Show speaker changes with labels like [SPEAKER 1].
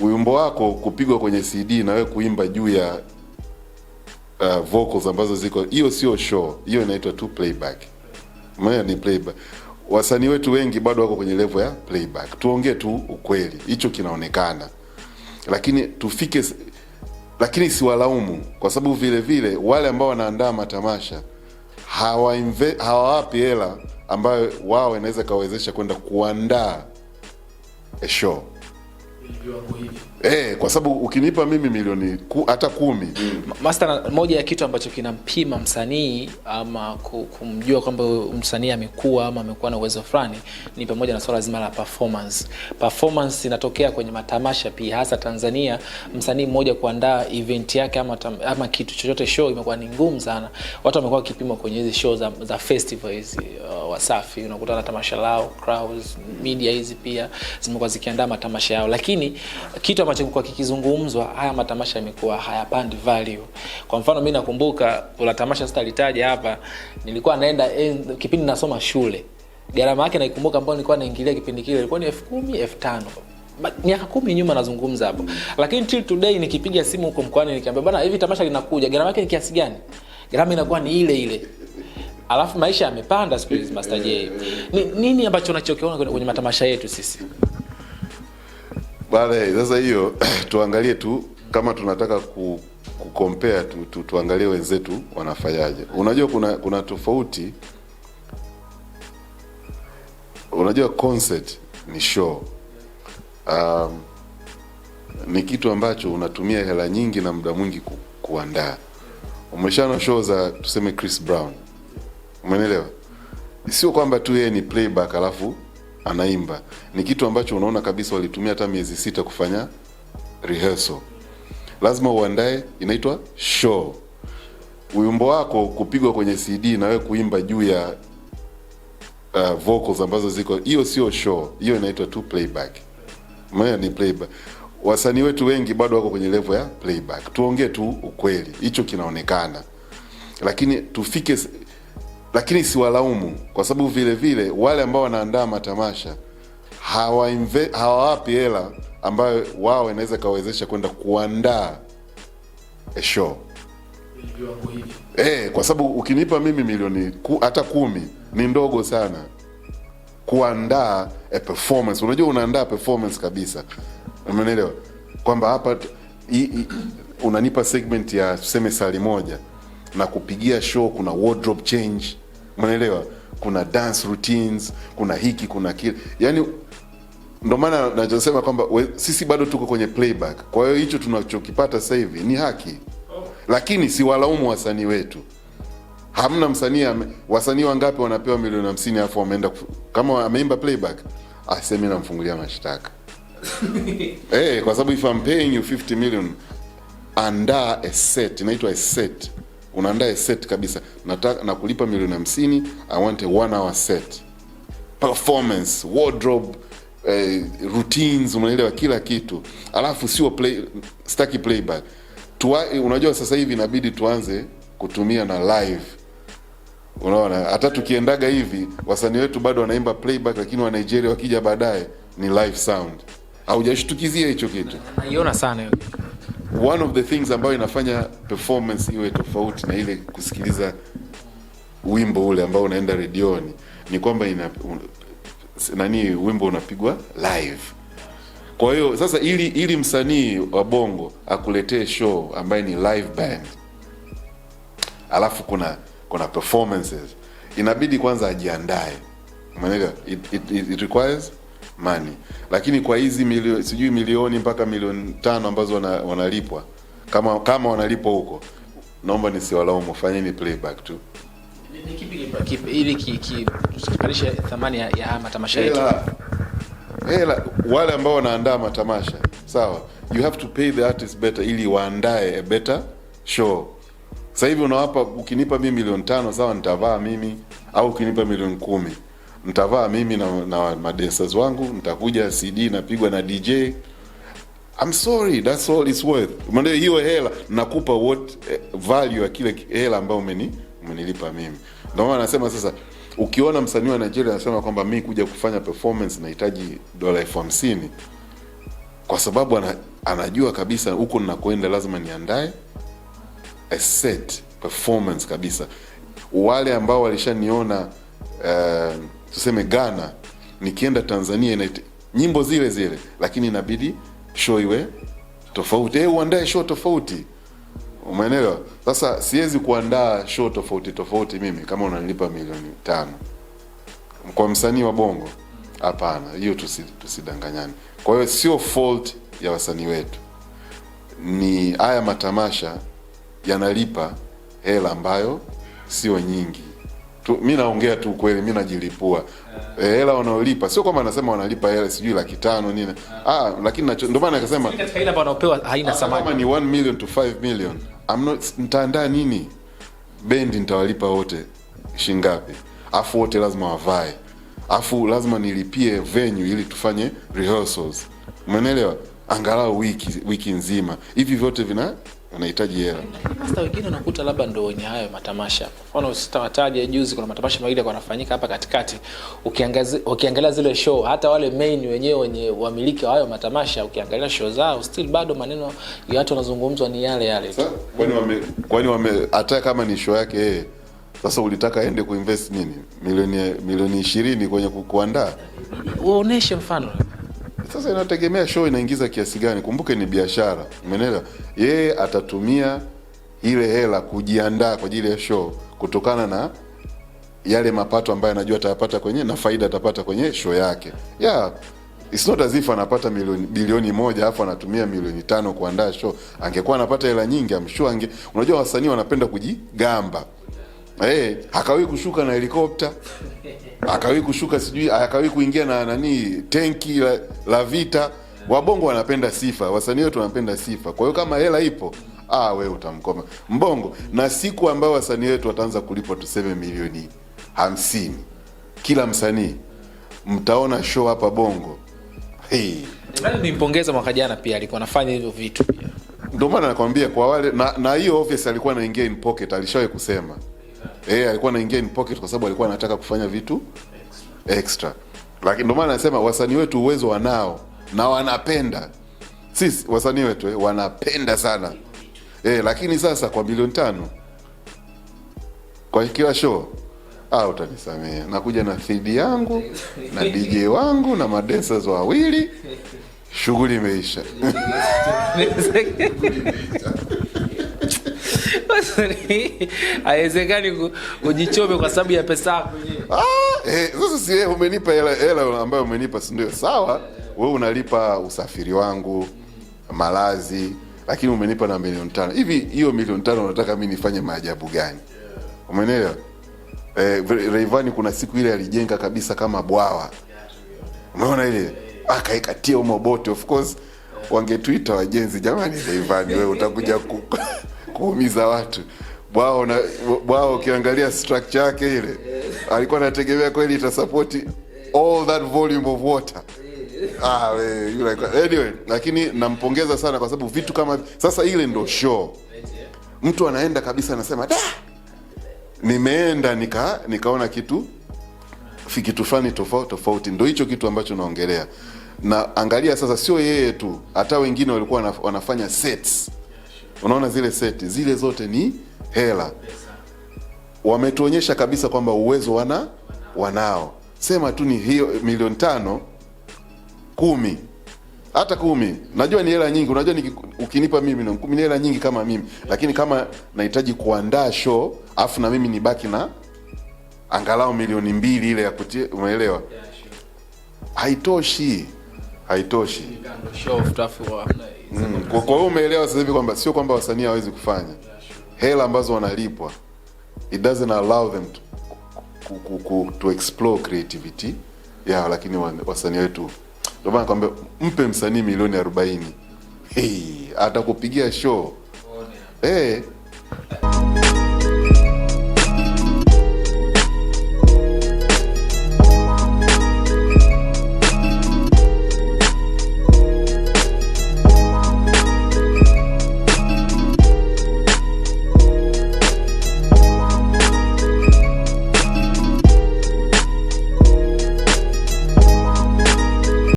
[SPEAKER 1] wimbo wako kupigwa kwenye CD na wewe kuimba juu ya uh, vocals ambazo ziko, hiyo sio show, hiyo inaitwa tu playback. Maana ni playback. Wasanii wetu wengi bado wako kwenye level ya playback. Tuongee tu ukweli, hicho kinaonekana, lakini tufike, lakini siwalaumu kwa sababu vile vile wale ambao wanaandaa matamasha hawawapi hawa hela ambayo wao inaweza ikawawezesha kwenda kuandaa show viwango hivi. Eh, kwa sababu ukinipa mimi milioni ku, hata kumi mm.
[SPEAKER 2] Master, moja ya kitu ambacho kinampima msanii ama kumjua kwamba msanii amekuwa ama amekuwa na uwezo fulani ni pamoja na swala zima la performance. Performance inatokea kwenye matamasha pia, hasa Tanzania. Msanii mmoja kuandaa event yake ama, tam, ama kitu chochote show imekuwa ni ngumu sana. Watu wamekuwa wakipima kwenye hizi show za, za festival hizi uh, Wasafi unakuta na tamasha lao, crowds, media hizi pia zimekuwa zikiandaa matamasha yao, lakini kitu ambacho kikizungumzwa haya matamasha yamekuwa hayapandi value. Kwa mfano mimi nakumbuka kuna tamasha sitalitaja hapa, nilikuwa naenda eh, kipindi nasoma shule, gharama yake naikumbuka, ambayo nilikuwa naingilia kipindi kile ilikuwa ni elfu kumi elfu tano miaka kumi nyuma nazungumza hapo, lakini till today nikipiga simu huko mkoani nikiambia bwana, hivi tamasha linakuja, gharama yake ni kiasi gani? Gharama inakuwa ni ile ile. Alafu maisha yamepanda siku hizi, Master J. Ni nini ambacho unachokiona kwenye matamasha yetu sisi?
[SPEAKER 1] Bale, sasa hiyo tuangalie tu kama tunataka ku, tu, tu, tuangalie wenzetu wanafanyaje. Unajua kuna kuna tofauti. Unajua concert ni show. Um, ni kitu ambacho unatumia hela nyingi na muda mwingi ku, kuandaa. Umeshaona show za tuseme Chris Brown. Umeelewa? Sio kwamba tu yeye ni playback alafu anaimba. Ni kitu ambacho unaona kabisa walitumia hata miezi sita kufanya rehearsal. Lazima uandae, inaitwa show. Wimbo wako kupigwa kwenye CD na wewe kuimba juu ya uh, vocals ambazo ziko, hiyo sio show, hiyo inaitwa tu playback. Maana ni playback. Wasanii wetu wengi bado wako kwenye level ya playback. Tuongee tu ukweli, hicho kinaonekana, lakini tufike lakini siwalaumu kwa sababu vile vile wale ambao wanaandaa matamasha hawawapi hela ambayo wao inaweza ikawawezesha kwenda kuandaa sho show eh, kwa sababu ukinipa mimi milioni ku, hata kumi ni ndogo sana kuandaa a performance. Unajua unaandaa performance kabisa, umenelewa kwamba hapa unanipa segment ya tuseme sali moja na kupigia show, kuna wardrobe change Unaelewa, kuna dance routines, kuna hiki, kuna kile, yani ndo maana nachosema kwamba sisi bado tuko kwenye playback. Kwa hiyo hicho tunachokipata sasa hivi ni haki, lakini si walaumu wasanii wetu. Hamna msanii, wasanii wangapi wanapewa milioni hamsini afu wameenda kama ameimba playback, aseme namfungulia mashtaka hey, eh, kwa sababu if I'm paying you 50 million, andaa a set, inaitwa a set unaandaa set kabisa, nataka na kulipa milioni hamsini, I want a one hour set, performance, wardrobe, eh, routines, unaelewa kila kitu, alafu sio play, staki playback Tua, Unajua sasa hivi inabidi tuanze kutumia na live Unaona, hata tukiendaga hivi wasanii wetu bado wanaimba playback, lakini wa Nigeria wakija baadaye ni live sound. Haujashtukizia hicho kitu,
[SPEAKER 2] naiona sana hiyo
[SPEAKER 1] one of the things ambayo inafanya performance iwe tofauti na ile kusikiliza wimbo ule ambao unaenda redioni ni kwamba ina nani wimbo unapigwa live. Kwa hiyo sasa, ili ili msanii wa bongo akuletee show ambaye ni live band, alafu kuna kuna performances, inabidi kwanza ajiandae, umeelewa? it, it, it requires money, lakini kwa hizi milio, sijui milioni mpaka milioni tano ambazo wana, wanalipwa kama kama wanalipwa huko, naomba nisiwalaumu, fanyeni playback tu
[SPEAKER 2] ili kipandishe thamani ya, ya matamasha yetu.
[SPEAKER 1] Hela wale ambao wanaandaa matamasha sawa, you have to pay the artist better ili waandae a better show. Sasa hivi unawapa, ukinipa mimi milioni tano sawa, nitavaa mimi, au ukinipa milioni kumi nitavaa mimi na, na madancers wangu, nitakuja CD napigwa na DJ. I'm sorry, that's all it's worth. Maana hiyo hela nakupa what eh, value ya kile hela ambayo umeni umenilipa mimi. Ndio maana nasema sasa ukiona msanii wa Nigeria anasema kwamba mi kuja kufanya performance nahitaji dola elfu hamsini kwa sababu ana, anajua kabisa huko ninakoenda lazima niandae a set performance kabisa. Wale ambao walishaniona uh, tuseme Ghana, nikienda Tanzania inaite, nyimbo zile zile, lakini inabidi show iwe tofauti. Eh, uandae show tofauti, umeelewa? Sasa siwezi kuandaa show tofauti tofauti mimi kama unanilipa milioni tano kwa msanii wa bongo, hapana, hiyo tusidanganyane. Kwa hiyo sio fault ya wasanii wetu, ni haya matamasha yanalipa hela ambayo sio nyingi mi naongea tu kweli, mi najilipua eh. hela yeah. E, wanaolipa sio kwamba anasema wanalipa hela sijui laki tano nini yeah. Ah, lakini ndio maana akasema
[SPEAKER 2] katika ile wanaopewa haina samani ah, kama
[SPEAKER 1] ni 1 million to 5 million I'm not nitaandaa nini bendi nitawalipa wote shingapi, afu wote lazima wavae, afu lazima nilipie venue ili tufanye rehearsals, umeelewa? Angalau wiki wiki nzima hivi vyote vina anahitaji hela.
[SPEAKER 2] Hata wengine unakuta labda ndio wenye hayo matamasha. Mfano sitawataja, juzi kuna matamasha mawili yalikuwa yanafanyika hapa katikati. Ukiangalia ukiangalia zile show, hata wale main wenyewe wenye wamiliki wa hayo matamasha, ukiangalia show zao still bado maneno ya watu wanazungumzwa ni yale yale.
[SPEAKER 1] Kwani wame kwani wame hata kama ni show yake yeye sasa ulitaka aende kuinvest nini milioni milioni 20 kwenye kuandaa,
[SPEAKER 2] uoneshe mfano.
[SPEAKER 1] Sasa inategemea show inaingiza kiasi gani. Kumbuke ni biashara, umeelewa? yeye atatumia ile hela kujiandaa kwa ajili ya show kutokana na yale mapato ambayo anajua atayapata kwenye na faida atapata kwenye show yake. Yeah, it's not as if anapata milioni bilioni moja afu anatumia milioni tano kuandaa show. Angekuwa anapata hela nyingi amshua ange. Unajua wasanii wanapenda kujigamba. Eh, hey, hakawi kushuka na helikopta. Hakawi kushuka sijui, hakawi kuingia na nani tenki la, la vita. Wabongo wanapenda sifa, wasanii wetu wanapenda sifa. Kwa hiyo kama hela ipo, ah, wewe utamkoma mbongo. Na siku ambayo wasanii wetu wataanza kulipwa tuseme milioni hamsini kila msanii, mtaona show hapa Bongo. Hey.
[SPEAKER 2] Nimpongeza mwaka jana pia alikuwa anafanya hivyo vitu pia.
[SPEAKER 1] Ndio maana nakwambia kwa wale na, na hiyo office alikuwa anaingia in pocket, alishawahi kusema. Eh, hey, alikuwa anaingia in pocket kwa sababu alikuwa anataka kufanya vitu extra. Lakini ndio maana nasema wasanii wetu uwezo wanao na wanapenda sisi wasanii wetu eh, wanapenda sana eh, lakini sasa kwa milioni tano kwa kila show ah, utanisamea, nakuja na thidi yangu na DJ wangu na madensers wawili, shughuli imeisha.
[SPEAKER 2] Haiwezekani ujichome kwa sababu ya pesa yako.
[SPEAKER 1] Ah, eh, sasa si umenipa hela, hela ambayo umenipa si ndio? Sawa wewe unalipa usafiri wangu, malazi, lakini umenipa na milioni tano. Hivi hiyo milioni tano unataka mi nifanye maajabu gani? Umeelewa? Eh, Rayvanny kuna siku ile alijenga kabisa kama bwawa, umeona ile akaikatia umo bote. Of course wangetuita wajenzi, jamani, Rayvanny wewe utakuja ku, kuumiza watu bwao na bwao. Ukiangalia structure yake ile, alikuwa anategemea kweli itasapoti all that volume of water ah, we, you like Anyway, lakini nampongeza sana kwa sababu vitu kama sasa, ile ndo show mtu anaenda kabisa anasema da, nimeenda nika nikaona kitu kitu fulani tofauti tofauti, ndo hicho kitu ambacho naongelea. Na angalia sasa, sio yeye tu, hata wengine walikuwa wanafanya sets. Unaona zile seti zile zote ni hela, wametuonyesha kabisa kwamba uwezo wana wanao, sema tu ni hiyo milioni tano kumi, hata kumi. Najua ni hela nyingi, unajua ukinipa mimi na kumi ni hela nyingi kama mimi, lakini kama nahitaji kuandaa show afu na mimi nibaki na angalau milioni mbili ile ya kutie umeelewa? Haitoshi, haitoshi. Mm, kwa hiyo umeelewa sasa hivi kwamba sio kwamba wasanii hawezi kufanya hela ambazo wanalipwa, it doesn't allow them to, to explore creativity yao, lakini wasanii wetu ndio maana nakwambia mpe msanii milioni arobaini hey, atakupigia show hey.